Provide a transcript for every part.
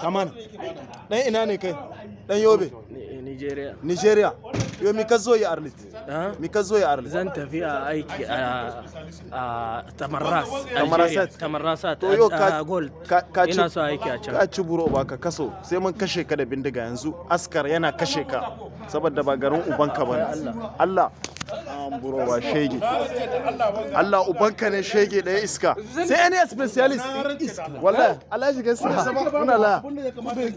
kamana dan ina ne kai dan yobe eh, nigeria nigeria yo mi ka zo ya arlit mi ka zo ya arlit zan tafi a aiki a tamarras tamarrasat tamarrasat to yo ka gold ina so aiki a can ka ci buro ba ka kaso sai mun kashe ka da bindiga yanzu askar yana kashe ka saboda ba garin uban ka bane Allah an burowa shege Allah ubanka ne shege da ya iska sai any specialist wallahi alaji gaskiya muna la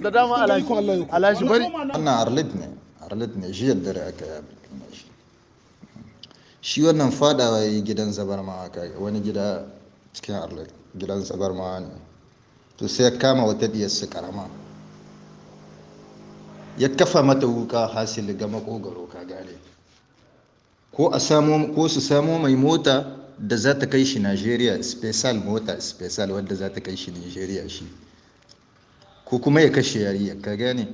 da dama alaji alaji bari wannan arlit ne arlit ne shi yadda da aka yi shi shi wannan fadawa yi gidan zabar ma aka wani gida cikin arlit gidan zabar ma ne to sai ya kama wata diyar su karama ya kafa mata wuka hasili ga makogaro ka gane ko a samo ko su samo mai mota da za ta kai shi Najeriya special mota special wadda za ta kai shi Najeriya shi ko kuma ya kashe ya ka gane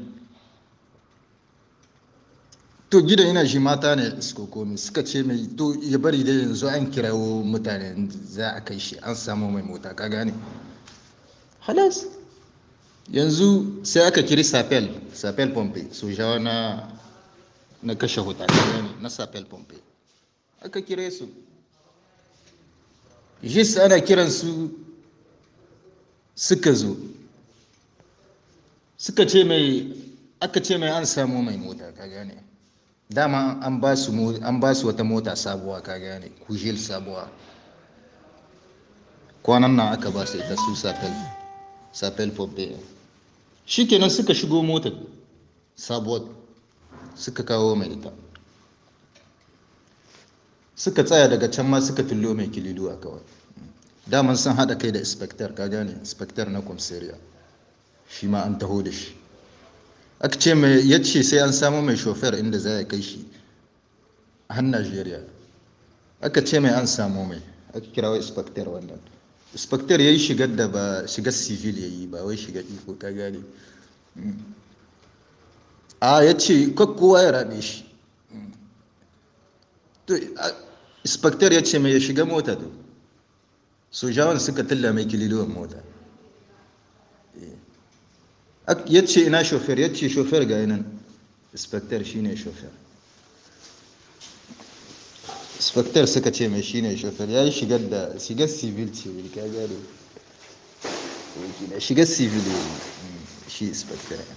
to gidan yana shi mata ne suka suka ce mai to ya bari da yanzu an kirawo mutane za a kai shi an samo mai mota ka gane halas yanzu sai aka kiri sapel sapel pompe sojawa na na kashe huta na safel pompe aka kire su jis ana kiransu suka zo suka ce mai aka ce mai an samu mai mota ka gane dama an ba su wata mota sabuwa ka gane kujil sabuwa kwanan nan aka ba su ita su safel pompe shi kenan suka shigo motar sabuwa. suka kawo mai ita suka tsaya daga can ma suka fillo mai kililuwa kawai daman sun haɗa kai da inspector ka gane inspector na komsariya shi ma an taho da shi aka ce mai ya ce sai an samu mai shofar inda za ya kai shi har nigeria aka ce mai an samu mai aka wa inspector wannan inspector ya yi shigar da ba shigar civil ya yi ba wai shigar iko ka gane hmm. a ya ce kowa ya rame shi inspector ya ce mai ya shiga mota to sojawan suka tilla mai kilidowar mota eh. ya ce ina shofar ya ce shofar ga yanan inspector ne shofar inspector suka ce mai ne shofar ya yi shigar da shigar civil civil ka gado shigar civil eh, shi inspector ya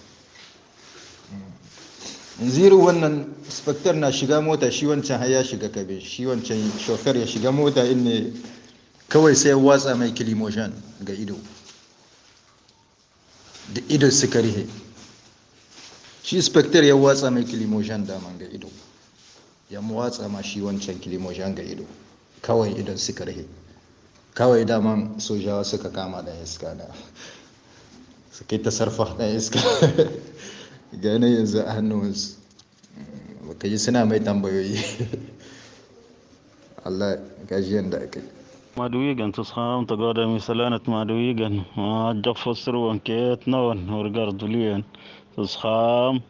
ziru wannan spector na shiga mota shi wancan har ya shiga kabe shi wancan shofar ya shiga mota in ne kawai sai watsa mai kilimoshan ga ido da ido suka rihe shi spector ya watsa mai kilimoshan daman ga ido ya watsa ma shi wancan kilimoshan ga ido kawai idan suka rihe kawai daman sojawa suka kama da iska da suka yi ta sarfa da iska ga nan yanzu a hannunsu ka ji suna mai tambayoyi Allah gashi yadda aka yi مادويجن تصام تقعد مثلانة مادويجن جف سروان كيت نون ورقرد ليان تصام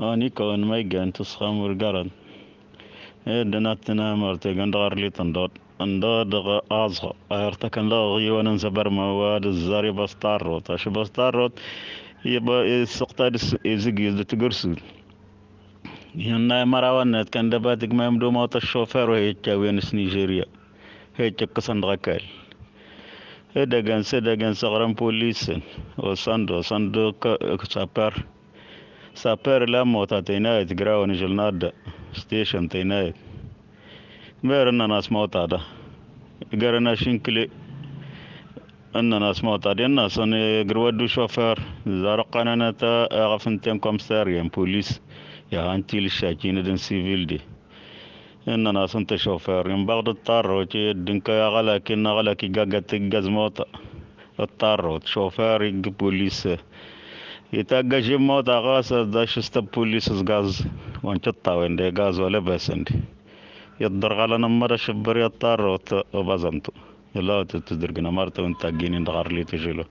نيكون ميجن تصام ورقرد دناتنا مرتي غندار لي تندور انداد ازغ ايرتكن لا غيوان زبر مواد الزاري بستاروت اش بستاروت የስቅታድስ የዝግ የዝድ ትገርሱ ይህና የመራዋነት ከንደባ ትግማይም ዶ ማውጣት ሾፌሮ ሄቻ ዌንስ ኒጀሪያ ሄጭ ክሰንድቀካል ደገንሰ ደገንሰ ቅረም ፖሊስን ወሰንዶ ሰንዶ ሳፐር ሳፐር ላሞታ ተይናየት ግራውን ጅልናደ ስቴሽን ተይናየት በርና ናስ ማውጣዳ ገረና ሽንክሌ اننا اسمو تارين سن غرودو شوفير انا نتا غفنتن كومساريان يعني بوليس يا انتي لشاكين دن سيفيل دي ناس انت شوفير ان بغد الطارو تي دنكا يا غلا كنا غلا كي غاغت غزموت الطارو شوفير بوليس يتاجي موتا غاس داش ست بوليس غاز وانت طاوين دي غاز ولا بسندي يضرغ لنا مرة شبر يطارو وبزنتو يلا تدرقنا مرته وانت جيني نغار لي له